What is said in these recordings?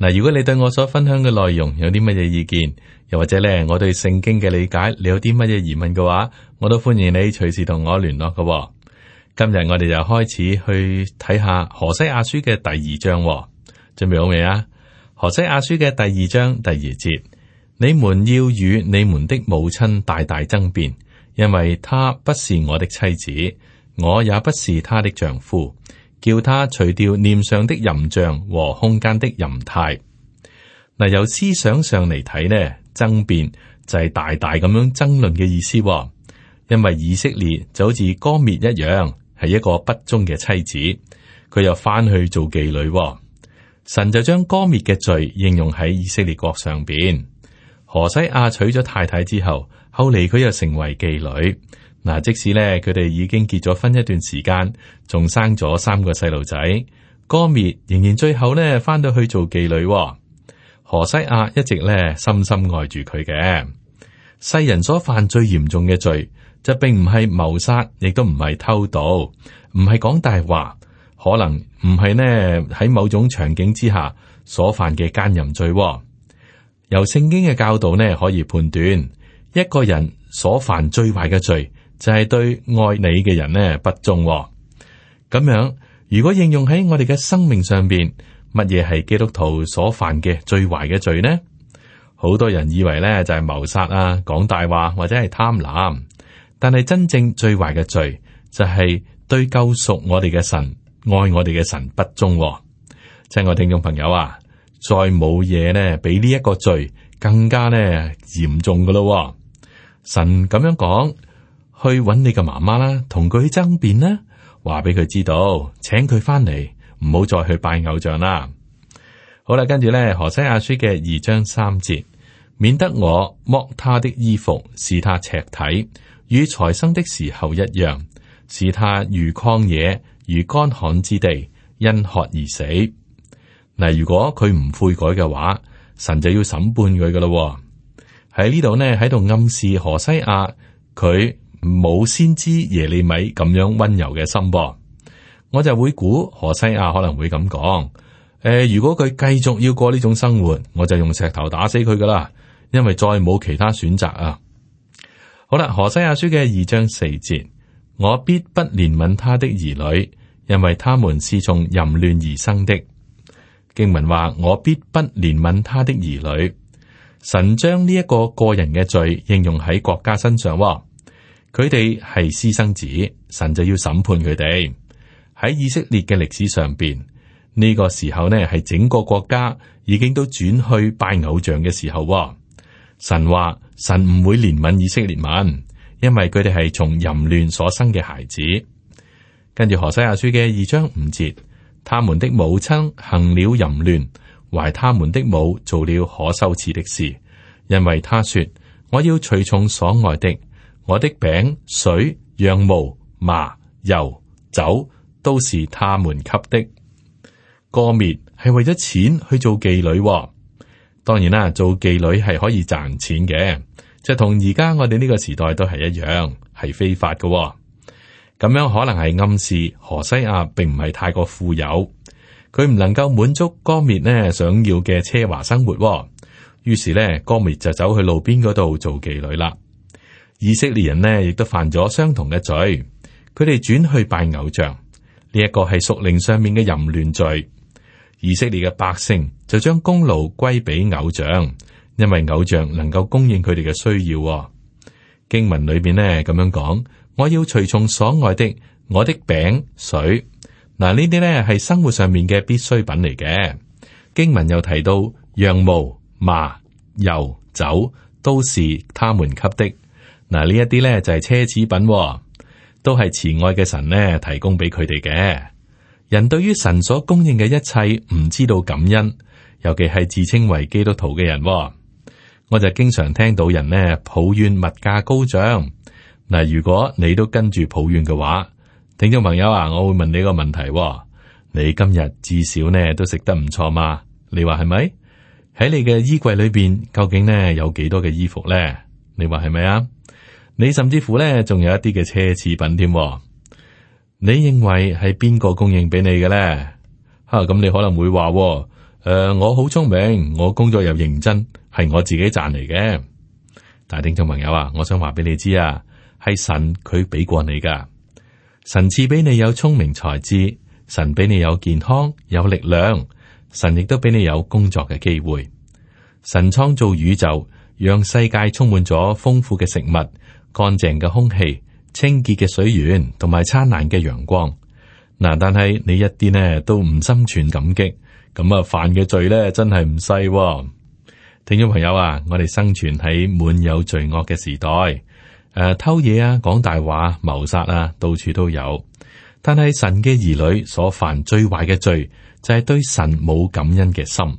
嗱，如果你對我所分享嘅內容有啲乜嘢意見，又或者咧，我對聖經嘅理解，你有啲乜嘢疑問嘅話，我都歡迎你隨時同我聯絡嘅喎。今日我哋就開始去睇下何西阿書嘅第二章喎，準備好未啊？何西阿書嘅第二章第二節，你們要與你們的母親大大爭辯，因為她不是我的妻子，我也不是她的丈夫。叫他除掉臉上的淫像和胸間的淫態。嗱，由思想上嚟睇咧，爭辯就係大大咁樣爭論嘅意思。因為以色列就好似歌篾一樣，係一個不忠嘅妻子，佢又翻去做妓女。神就將歌篾嘅罪應用喺以色列國上邊。何西阿娶咗太太之後，後嚟佢又成為妓女。嗱，即使咧佢哋已經結咗婚一段時間，仲生咗三個細路仔，哥滅仍然最後咧返到去做妓女。何西阿一直咧深深愛住佢嘅。世人所犯最嚴重嘅罪，就並唔係謀殺，亦都唔係偷盜，唔係講大話，可能唔係呢喺某種場景之下所犯嘅姦淫罪。由聖經嘅教導咧可以判斷，一個人所犯最壞嘅罪。就係對愛你嘅人呢不忠咁、哦、樣。如果應用喺我哋嘅生命上邊，乜嘢係基督徒所犯嘅最壞嘅罪呢？好多人以為咧就係、是、謀殺啊，講大話或者係貪婪，但係真正最壞嘅罪就係、是、對救贖我哋嘅神愛我哋嘅神不忠、哦。親愛聽眾朋友啊，再冇嘢呢，比呢一個罪更加呢嚴重噶啦、哦。神咁樣講。去揾你嘅媽媽啦，同佢爭辯啦，話俾佢知道，請佢翻嚟，唔好再去拜偶像啦。好啦，跟住咧，何西阿書嘅二章三節，免得我剝他的衣服，使他赤體，與才生的時候一樣，使他如曠野，如乾旱之地，因渴而死。嗱，如果佢唔悔改嘅話，神就要審判佢噶啦。喺呢度呢，喺度暗示何西阿佢。冇先知耶利米咁樣温柔嘅心，哦，我就會估何西阿可能會咁講。誒、呃，如果佢繼續要過呢種生活，我就用石頭打死佢㗎喇，因為再冇其他選擇啊。好啦，何西阿書嘅二章四節，我必不憐憫他的兒女，因為他們是從淫亂而生的。經文話，我必不憐憫他的兒女，神將呢一個個人嘅罪應用喺國家身上，哦。佢哋係私生子，神就要審判佢哋。喺以色列嘅歷史上邊，呢、這個時候呢係整個國家已經都轉去拜偶像嘅時候、哦。神話，神唔會憐憫以色列民，因為佢哋係從淫亂所生嘅孩子。跟住何西阿書嘅二章五節，他們的母親行了淫亂，懷他們的母做了可羞恥的事，因為他說我要隨從所愛的。我的餅、水、羊毛、麻、油、酒都是他們給的。哥滅係為咗錢去做妓女喎。當然啦，做妓女係可以賺錢嘅，就同而家我哋呢個時代都係一樣，係非法嘅喎。咁樣可能係暗示何西阿並唔係太過富有，佢唔能夠滿足哥滅呢想要嘅奢華生活喎。於是呢，哥滅就走去路邊嗰度做妓女啦。以色列人呢，亦都犯咗相同嘅罪。佢哋轉去拜偶像呢，一個係屬靈上面嘅淫亂罪。以色列嘅百姓就將功勞歸俾偶像，因為偶像能夠供應佢哋嘅需要。經文裏邊呢咁樣講：我要隨從所愛的，我的餅、水，嗱呢啲呢係生活上面嘅必需品嚟嘅。經文又提到，羊毛、麻、油、酒都是他們給的。嗱，呢一啲咧就係奢侈品，哦，都係慈愛嘅神咧提供俾佢哋嘅。人對於神所供應嘅一切，唔知道感恩，尤其係自稱為基督徒嘅人，哦。我就經常聽到人呢抱怨物價高漲。嗱，如果你都跟住抱怨嘅話，聽眾朋友啊，我會問你個問題，哦：你今日至少呢都食得唔錯嘛？你話係咪？喺你嘅衣櫃裏邊，究竟呢有幾多嘅衣服咧？你話係咪啊？你甚至乎呢仲有一啲嘅奢侈品添。你認為係邊個供應俾你嘅呢？吓、啊，咁、嗯、你可能會話，誒、呃，我好聰明，我工作又認真，係我自己賺嚟嘅。但係聽眾朋友啊，我想話俾你知啊，係神佢俾過你㗎。神賜俾你有聰明才智，神俾你有健康有力量，神亦都俾你有工作嘅機會。神創造宇宙，讓世界充滿咗豐富嘅食物。乾淨嘅空氣、清潔嘅水源同埋燦爛嘅陽光，嗱、啊，但係你一啲咧都唔心存感激，咁啊犯嘅罪咧真係唔細喎。聽眾朋友啊，我哋生存喺滿有罪惡嘅時代，誒、啊，偷嘢啊，講大話、謀殺啊，到處都有。但係神嘅兒女所犯最壞嘅罪，就係、是、對神冇感恩嘅心。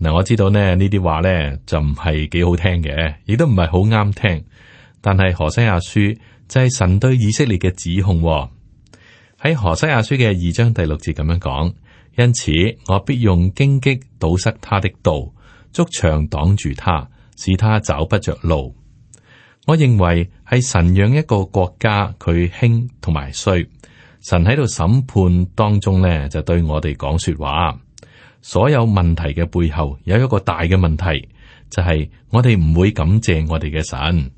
嗱、啊，我知道咧呢啲話咧就唔係幾好聽嘅，亦都唔係好啱聽。但係《何西阿書》就係神對以色列嘅指控喺、哦，《何西阿書》嘅二章第六節咁樣講。因此，我必用荊棘堵塞他的道，築牆擋住他，使他找不着路。我認為係神讓一個國家佢興同埋衰。神喺度審判當中呢，就對我哋講說話。所有問題嘅背後有一個大嘅問題，就係、是、我哋唔會感謝我哋嘅神。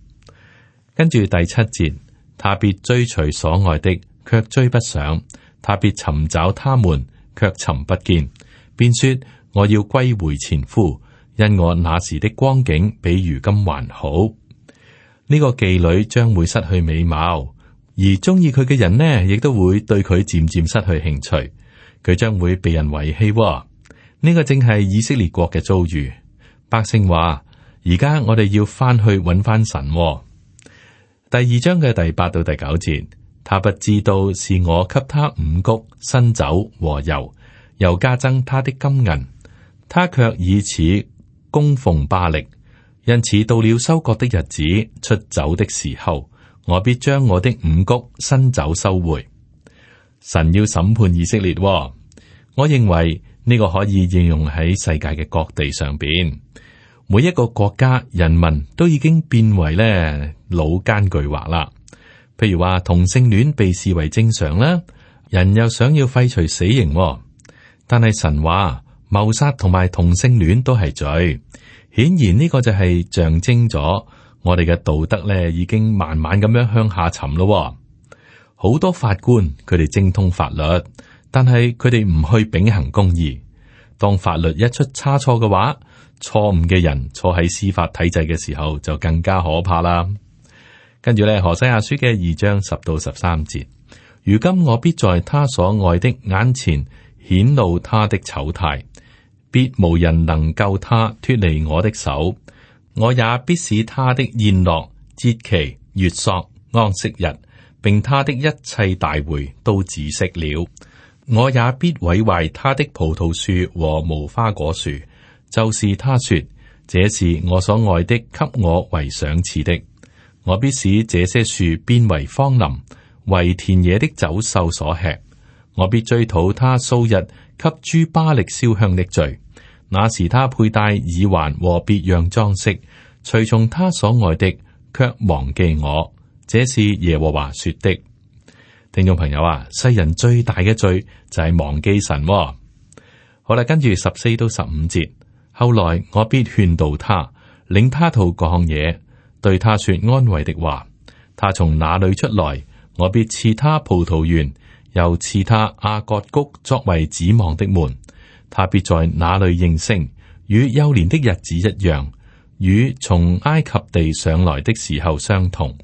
跟住第七節，他必追隨所愛的，卻追不上；他必尋找他們，卻尋不見。便說：我要歸回前夫，因我那時的光景比如今還好。呢、這個妓女將會失去美貌，而鍾意佢嘅人呢，亦都會對佢漸漸失去興趣。佢將會被人遺棄、哦。呢、這個正係以色列國嘅遭遇。百姓話：而家我哋要翻去揾翻神、哦。第二章嘅第八到第九節，他不知道是我給他五穀、新酒和油，又加增他的金銀，他卻以此供奉巴力。因此到了收割的日子、出走的時候，我必將我的五穀、新酒收回。神要審判以色列、哦，我認為呢個可以應用喺世界嘅各地上邊，每一個國家人民都已經變為咧。老奸巨猾啦，譬如話同性戀被視為正常啦，人又想要廢除死刑，但係神話謀殺同埋同性戀都係罪，顯然呢個就係象徵咗我哋嘅道德咧，已經慢慢咁樣向下沉咯。好多法官佢哋精通法律，但係佢哋唔去秉行公義。當法律一出差錯嘅話，錯誤嘅人坐喺司法體制嘅時候，就更加可怕啦。跟住咧，何西阿書嘅二章十到十三節，如今我必在他所愛的眼前顯露他的醜態，必無人能救他脫離我的手。我也必使他的宴樂、節期、月朔、安息日，並他的一切大會都止息了。我也必毀壞他的葡萄樹和無花果樹，就是他說這是我所愛的，給我為賞賜的。我必使這些樹變為荒林，為田野的走獸所吃。我必追討他素日給諸巴力燒香的罪。那時他佩戴耳環和別樣裝飾，隨從他所愛的，卻忘記我。這是耶和華說的。聽眾朋友啊，世人最大嘅罪就係忘記神哦。好啦，跟住十四到十五節，後來我必勸導他，領他到曠野。對他說安慰的話，他從哪裏出來，我必賜他葡萄園，又賜他亞割谷作為指望的門。他必在那裏應聲，與幼年的日子一樣，與從埃及地上來的時候相同。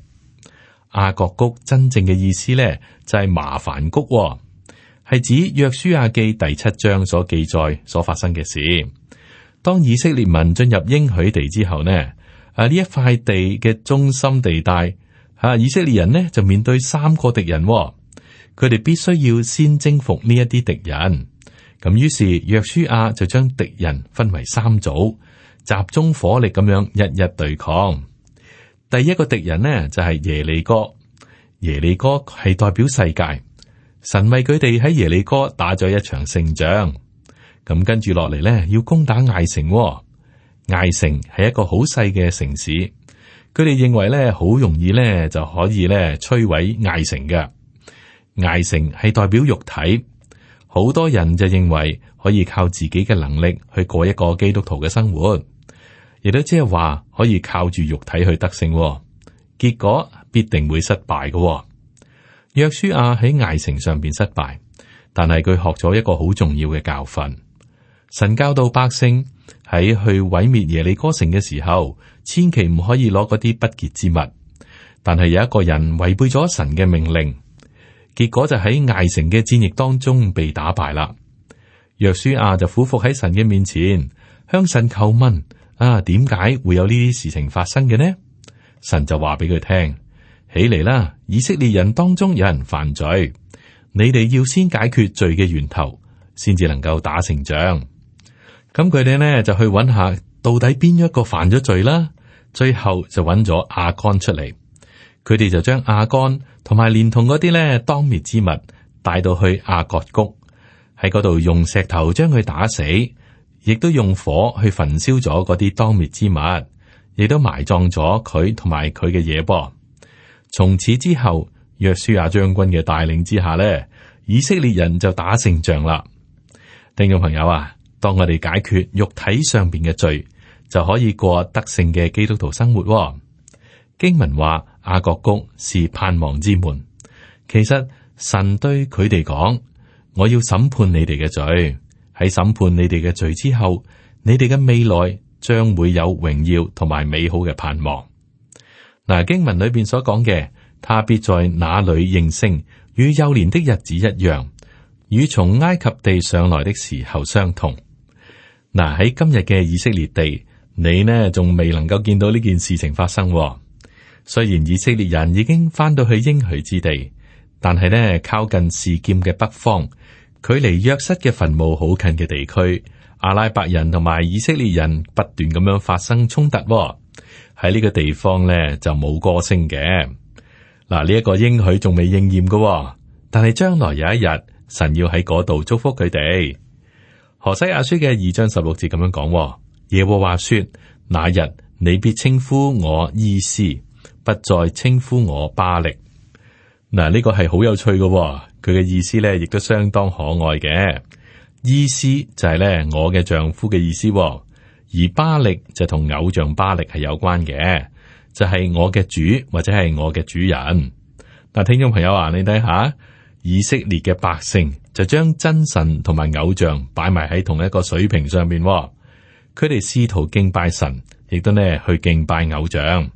亞割谷真正嘅意思呢，就係、是、麻煩谷、哦，係指約書亞記第七章所記載所發生嘅事。當以色列民進入應許地之後呢？啊！呢一塊地嘅中心地帶，吓、啊、以色列人呢就面對三個敵人、哦，佢哋必須要先征服呢一啲敵人。咁、啊、於是約書亞就將敵人分為三組，集中火力咁樣日日對抗。第一個敵人呢就係、是、耶利哥，耶利哥係代表世界，神為佢哋喺耶利哥打咗一場勝仗。咁、啊、跟住落嚟呢要攻打艾城、哦。艾城係一個好細嘅城市，佢哋認為咧好容易咧就可以咧摧毀艾城嘅。艾城係代表肉體，好多人就認為可以靠自己嘅能力去過一個基督徒嘅生活，亦都即係話可以靠住肉體去得勝，結果必定會失敗嘅。約書亞喺艾城上邊失敗，但係佢學咗一個好重要嘅教訓，神教導百姓。喺去毀滅耶利哥城嘅時候，千祈唔可以攞嗰啲不潔之物。但係有一個人違背咗神嘅命令，結果就喺艾城嘅戰役當中被打敗啦。約書亞就俯伏喺神嘅面前，向神叩問：啊，點解會有呢啲事情發生嘅呢？神就話俾佢聽：起嚟啦，以色列人當中有人犯罪，你哋要先解決罪嘅源頭，先至能夠打勝仗。咁佢哋咧就去揾下到底邊一個犯咗罪啦，最後就揾咗亞干出嚟，佢哋就將亞干同埋連同嗰啲咧當滅之物帶到去亞割谷，喺嗰度用石頭將佢打死，亦都用火去焚燒咗嗰啲當滅之物，亦都埋葬咗佢同埋佢嘅嘢噃。從此之後，約書亞將軍嘅帶領之下咧，以色列人就打勝仗啦。聽眾朋友啊！當我哋解決肉體上邊嘅罪，就可以過得勝嘅基督徒生活。經文話亞割谷是盼望之門。其實神對佢哋講，我要審判你哋嘅罪。喺審判你哋嘅罪之後，你哋嘅未來將會有榮耀同埋美好嘅盼望。嗱，經文裏邊所講嘅，他必在那裡應聲，與幼年的日子一樣，與從埃及地上來的時候相同。嗱喺，啊、今日嘅以色列地，你呢仲未能夠見到呢件事情發生，哦。雖然以色列人已經翻到去應許之地，但係呢靠近示劍嘅北方，距離約瑟嘅墳墓好近嘅地區，阿拉伯人同埋以色列人不斷咁樣發生衝突，哦。喺呢個地方呢就冇歌聲嘅。嗱呢一個應許仲未應驗嘅，哦，但係將來有一日，神要喺嗰度祝福佢哋。何西阿書嘅二章十六字咁樣講：耶和華說，那日你必稱呼我伊斯，不再稱呼我巴力。嗱，呢個係好有趣嘅，佢嘅意思咧，亦都相當可愛嘅。伊斯就係咧我嘅丈夫嘅意思，而巴力就同偶像巴力係有關嘅，就係、是、我嘅主或者係我嘅主人。嗱，聽眾朋友啊，你睇下以色列嘅百姓，就將真神同埋偶像擺埋喺同一個水平上面，佢哋試圖敬拜神，亦都呢去敬拜偶像。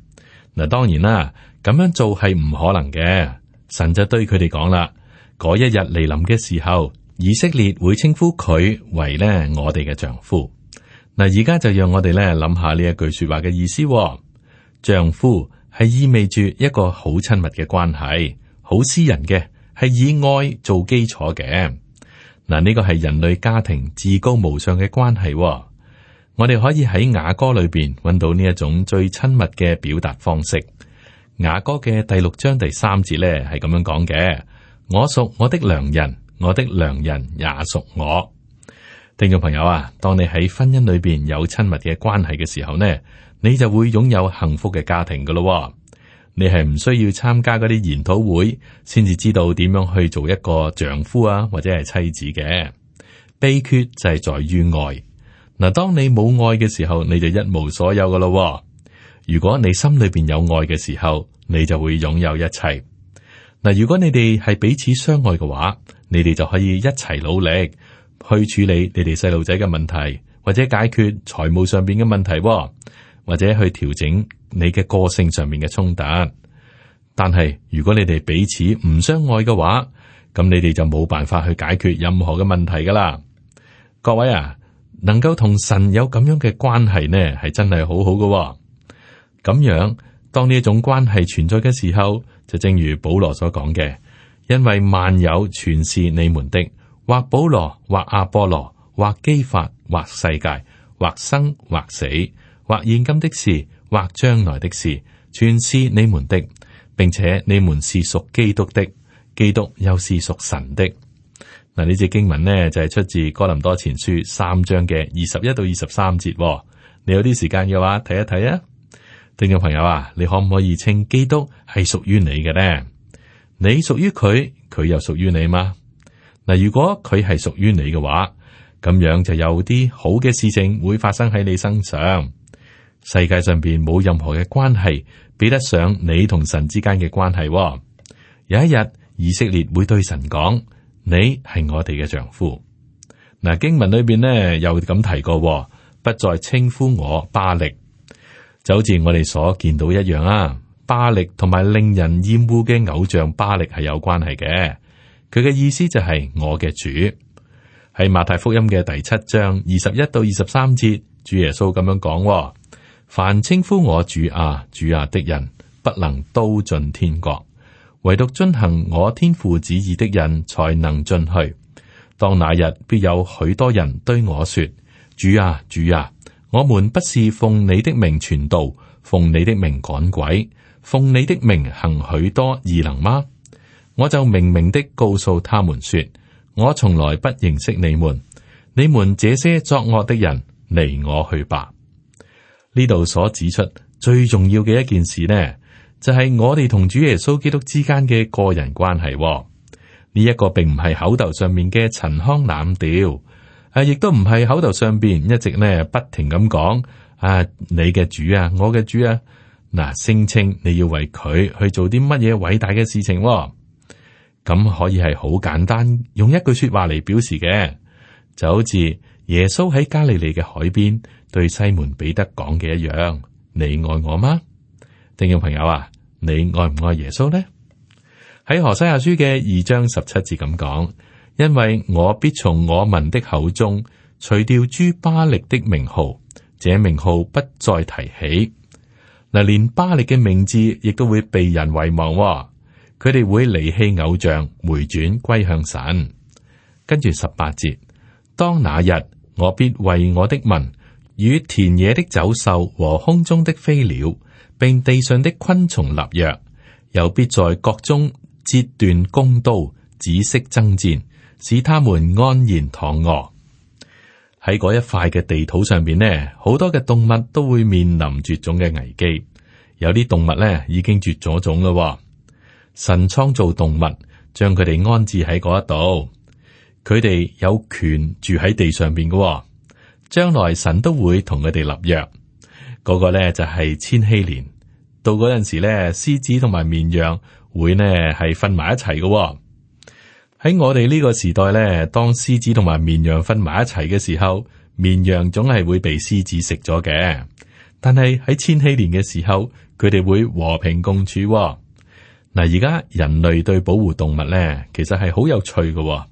嗱，當然啦，咁樣做係唔可能嘅。神就對佢哋講啦：嗰一日嚟臨嘅時候，以色列會稱呼佢為呢我哋嘅丈夫。嗱，而家就讓我哋呢諗下呢一句說話嘅意思。丈夫係意味住一個好親密嘅關係，好私人嘅。係以愛做基礎嘅，嗱呢個係人類家庭至高無上嘅關係喎。我哋可以喺雅歌裏邊揾到呢一種最親密嘅表達方式。雅歌嘅第六章第三節呢係咁樣講嘅：我屬我的良人，我的良人也屬我。聽眾朋友啊，當你喺婚姻裏邊有親密嘅關係嘅時候呢，你就會擁有幸福嘅家庭噶咯喎。你係唔需要參加嗰啲研討會先至知道點樣去做一個丈夫啊，或者係妻子嘅。秘訣就係在於愛。嗱，當你冇愛嘅時候，你就一無所有噶啦。如果你心裏邊有愛嘅時候，你就會擁有一切。嗱，如果你哋係彼此相愛嘅話，你哋就可以一齊努力去處理你哋細路仔嘅問題或者解決財務上邊嘅問題。或者去調整你嘅個性上面嘅衝突，但係如果你哋彼此唔相愛嘅話，咁你哋就冇辦法去解決任何嘅問題噶啦。各位啊，能夠同神有咁樣嘅關係呢，係真係好好噶喎。咁樣當呢一種關係存在嘅時候，就正如保羅所講嘅，因為萬有全是你們的，或保羅，或阿波羅，或基法，或世界，或生或死。或現今的事，或將來的事，全是你們的，並且你們是屬基督的，基督又是屬神的。嗱，呢隻經文呢，就係出自哥林多前書三章嘅二十一到二十三節。你有啲時間嘅話睇一睇啊，聽眾朋友啊，你可唔可以稱基督係屬於你嘅呢？你屬於佢，佢又屬於你嗎？嗱，如果佢係屬於你嘅話，咁樣就有啲好嘅事情會發生喺你身上。世界上邊冇任何嘅關係比得上你同神之間嘅關係、哦。有一日，以色列會對神講：你係我哋嘅丈夫。嗱、啊，經文裏邊呢，又咁提過、哦，不再稱呼我巴力，就好似我哋所見到一樣啊。巴力同埋令人厭惡嘅偶像巴力係有關係嘅。佢嘅意思就係我嘅主喺馬太福音嘅第七章二十一到二十三節，主耶穌咁樣講、哦。凡稱呼我主啊主啊的人，不能都進天國；唯獨遵行我天父旨意的人，才能進去。當那日，必有許多人對我說：主啊主啊，我們不是奉你的名傳道，奉你的名趕鬼，奉你的名行許多異能嗎？我就明明的告訴他們說：我從來不認識你們，你們這些作惡的人，離我去吧。呢度所指出最重要嘅一件事呢，就係、是、我哋同主耶穌基督之間嘅個人關係、哦。呢、這、一個並唔係口頭上面嘅陳腔濫調，啊，亦都唔係口頭上邊一直呢不停咁講，啊，你嘅主啊，我嘅主啊，嗱，聲稱你要為佢去做啲乜嘢偉大嘅事情、哦，咁可以係好簡單，用一句說話嚟表示嘅，就好似耶穌喺加利利嘅海邊。對西門彼得講嘅一樣，你愛我嗎？聽眾朋友啊，你愛唔愛耶穌呢？喺何西阿書嘅二章十七節咁講，因為我必從我民的口中除掉諸巴力的名號，這名號不再提起。嗱，連巴力嘅名字亦都會被人遺忘喎，佢哋會離棄偶像，回轉歸向神。跟住十八節，當那日我必為我的民。與田野的走獸和空中的飛鳥，並地上的昆蟲立約，又必在國中截斷弓刀，止息爭戰，使他們安然躺卧。喺嗰一塊嘅地土上邊呢，好多嘅動物都會面臨絕種嘅危機，有啲動物咧已經絕咗種啦。神創造動物，將佢哋安置喺嗰一度，佢哋有權住喺地上邊嘅。將來神都會同佢哋立約，嗰個呢就係千禧年。到嗰陣時呢，獅子同埋綿羊會呢係瞓埋一齊㗎喎。喺我哋呢個時代呢，當獅子同埋綿羊瞓埋一齊嘅時候，綿羊總係會被獅子食咗嘅。但係喺千禧年嘅時候，佢哋會和平共處喎。嗱，而家人類對保護動物呢，其實係好有趣㗎喎。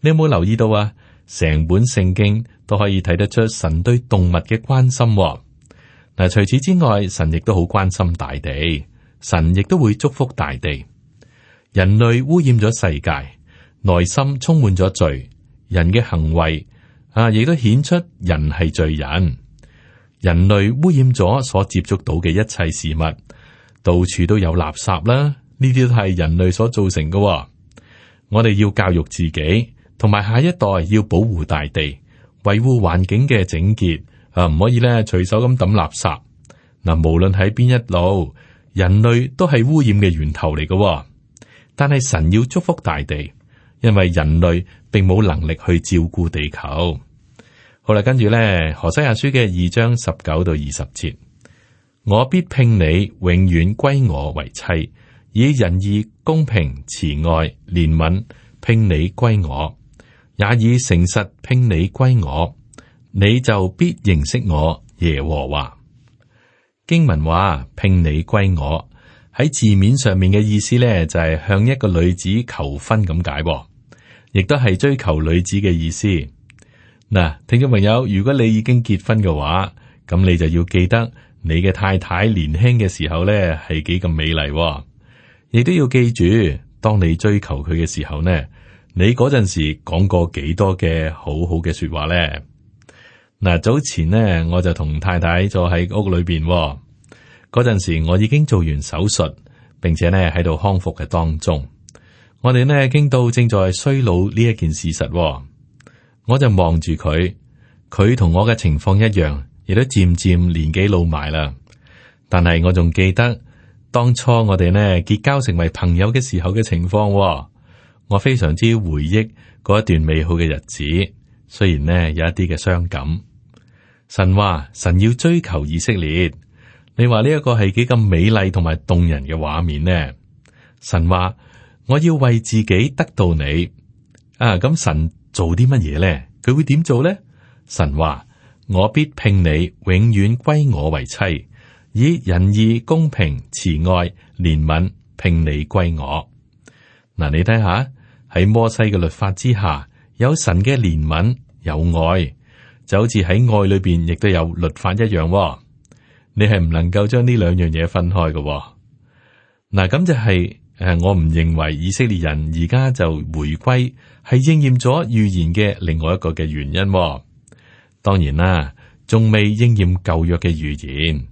你有冇留意到啊？成本聖經都可以睇得出神對動物嘅關心喎。嗱，除此之外，神亦都好關心大地，神亦都會祝福大地。人類污染咗世界，內心充滿咗罪，人嘅行為啊，亦都顯出人係罪人。人類污染咗所接觸到嘅一切事物，到處都有垃圾啦，呢啲都係人類所造成嘅喎。我哋要教育自己。同埋，下一代要保護大地，維護環境嘅整潔啊，唔可以咧隨手咁抌垃圾嗱、啊。無論喺邊一路，人類都係污染嘅源頭嚟嘅、哦。但係神要祝福大地，因為人類並冇能力去照顧地球。好啦，跟住咧，何西阿書嘅二章十九到二十節，我必聘你，永遠歸我為妻，以仁義、公平、慈愛、憐憫聘你歸我。也以誠實聘你歸我，你就必認識我耶和華。經文話，聘你歸我，喺字面上面嘅意思呢，就係向一個女子求婚咁解，亦都係追求女子嘅意思。嗱，聽眾朋友，如果你已經結婚嘅話，咁你就要記得你嘅太太年輕嘅時候呢，係幾咁美麗，亦都要記住，當你追求佢嘅時候呢？你嗰陣時講過幾多嘅好好嘅說話咧？嗱，早前咧我就同太太坐喺屋裏邊，嗰陣時我已經做完手術，並且咧喺度康復嘅當中。我哋咧聽到正在衰老呢一件事實，我就望住佢，佢同我嘅情況一樣，亦都漸漸年紀老埋啦。但係我仲記得當初我哋咧結交成為朋友嘅時候嘅情況。我非常之回憶嗰一段美好嘅日子，雖然呢有一啲嘅傷感。神話神要追求以色列，你話呢一個係幾咁美麗同埋動人嘅畫面呢？神話我要為自己得到你啊！咁神做啲乜嘢呢？佢會點做呢？神話我必聘你，永遠歸我為妻，以仁義、公平、慈愛、憐憫聘你歸我。嗱、啊，你睇下。喺摩西嘅律法之下，有神嘅憐憫有愛，就好似喺愛裏邊亦都有律法一樣、哦。你係唔能夠將呢兩樣嘢分開嘅、哦。嗱、啊，咁就係、是、誒、啊，我唔認為以色列人而家就回歸係應驗咗預言嘅另外一個嘅原因、哦。當然啦、啊，仲未應驗舊約嘅預言。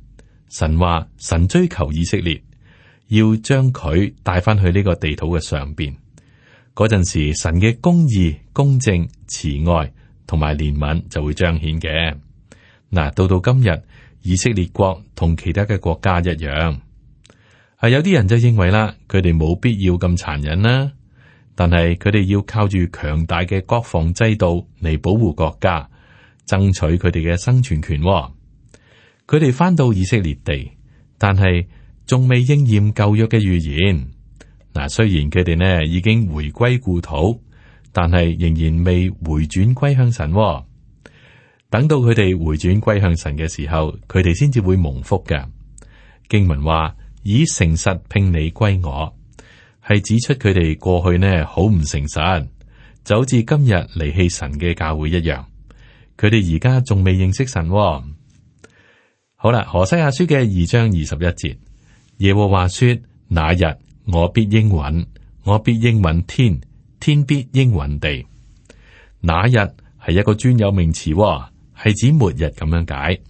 神話神追求以色列，要將佢帶翻去呢個地土嘅上邊。嗰陣時，神嘅公義、公正、慈愛同埋憐憫就會彰顯嘅。嗱，到到今日，以色列國同其他嘅國家一樣，係、啊、有啲人就認為啦，佢哋冇必要咁殘忍啦。但係佢哋要靠住強大嘅國防制度嚟保護國家，爭取佢哋嘅生存權、哦。佢哋返到以色列地，但係仲未應驗舊約嘅預言。嗱，雖然佢哋呢已經回歸故土，但係仍然未回轉歸向神、哦。等到佢哋回轉歸向神嘅時候，佢哋先至會蒙福嘅。經文話以誠實聘你歸我，係指出佢哋過去呢好唔誠實，就好似今日離棄神嘅教會一樣。佢哋而家仲未認識神、哦。好啦，何西阿書嘅二章二十一節，耶和華說：那日。我必應允，我必應允天，天必應允地。那日係一個專有名詞、哦，係指末日咁樣解。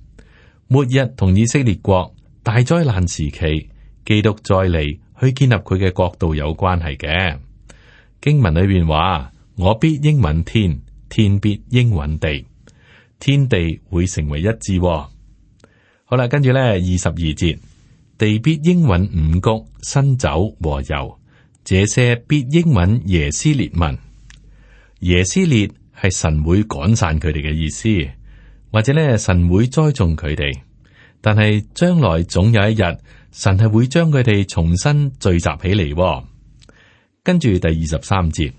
末日同以色列國大災難時期，基督再嚟去建立佢嘅國度有關係嘅。經文裏邊話：我必應允天，天必應允地，天地會成為一致、哦。好啦，跟住咧二十二節。地必英文五穀新酒和油，這些必英文耶斯列。文耶斯列係神會趕散佢哋嘅意思，或者咧神會栽種佢哋，但係將來總有一日，神係會將佢哋重新聚集起嚟。跟住第二十三節，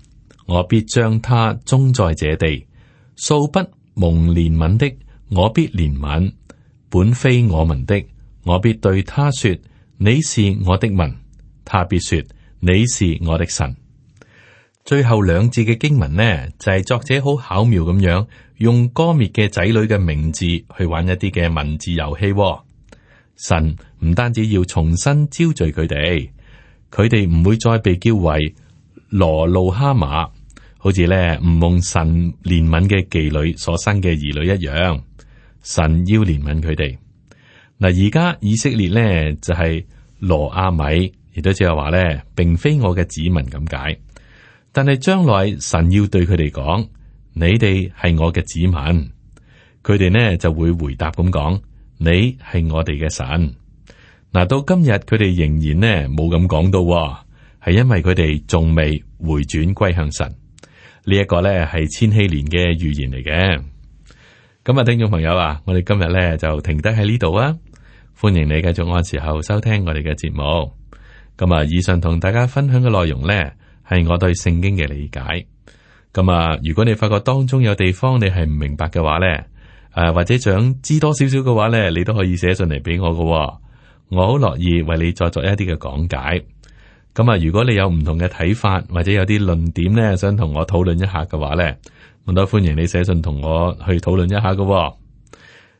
我必將他終在這地，素不蒙憐憫的，我必憐憫，本非我民的。我必對他說：你是我的民。他必說：你是我的神。最後兩字嘅經文呢，就係、是、作者好巧妙咁樣用歌蔑嘅仔女嘅名字去玩一啲嘅文字遊戲、哦。神唔單止要重新招聚佢哋，佢哋唔會再被叫為羅路哈馬，好似咧唔蒙神憐憫嘅妓女所生嘅兒女一樣。神要憐憫佢哋。嗱，而家以色列咧就係羅阿米，亦都即係話咧，並非我嘅子民咁解。但係將來神要對佢哋講，你哋係我嘅子民，佢哋呢就會回答咁講，你係我哋嘅神。嗱，到今日佢哋仍然呢冇咁講到，係因為佢哋仲未回轉歸向神。呢一個咧係千禧年嘅預言嚟嘅。咁啊，聽眾朋友啊，我哋今日咧就停低喺呢度啊。歡迎你繼續按時候收聽我哋嘅節目。咁啊，以上同大家分享嘅內容呢，係我對聖經嘅理解。咁啊，如果你發覺當中有地方你係唔明白嘅話呢，誒，或者想知多少少嘅話呢，你都可以寫信嚟俾我㗎。我好樂意為你再作,作一啲嘅講解。咁啊，如果你有唔同嘅睇法，或者有啲論點呢，想同我討論一下嘅話呢，我都歡迎你寫信同我去討論一下㗎。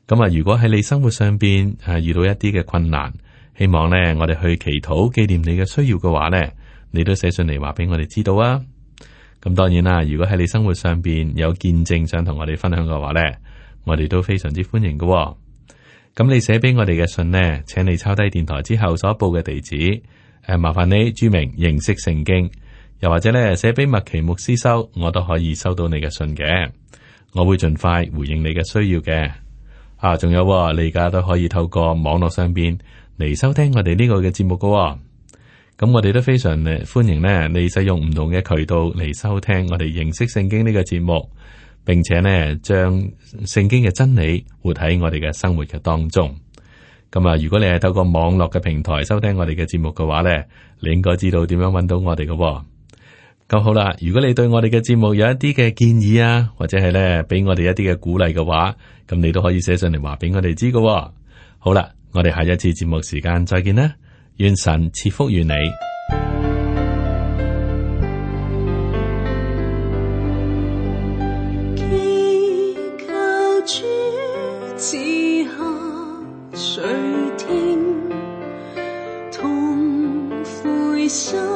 咁啊，如果喺你生活上邊，誒，遇到一啲嘅困難，希望咧我哋去祈禱紀念你嘅需要嘅話咧，你都寫信嚟話俾我哋知道啊。咁當然啦，如果喺你生活上邊有見證想同我哋分享嘅話咧，我哋都非常之歡迎嘅。咁你寫俾我哋嘅信呢，請你抄低電台之後所報嘅地址誒，麻煩你注明認識聖經，又或者咧寫俾麥奇牧師收，我都可以收到你嘅信嘅。我會盡快回應你嘅需要嘅。啊，仲有、哦、你而家都可以透過網絡上邊嚟收聽我哋呢個嘅節目噶、哦，咁我哋都非常呢歡迎呢你使用唔同嘅渠道嚟收聽我哋認識聖經呢個節目，並且呢將聖經嘅真理活喺我哋嘅生活嘅當中。咁啊，如果你係透過網絡嘅平台收聽我哋嘅節目嘅話，呢你應該知道點樣揾到我哋噶、哦。咁好啦，如果你對我哋嘅節目有一啲嘅建議啊，或者係咧俾我哋一啲嘅鼓勵嘅話，咁你都可以寫上嚟話俾我哋知嘅。好啦，我哋下一次節目時間再見啦，願神賜福於你。祈求下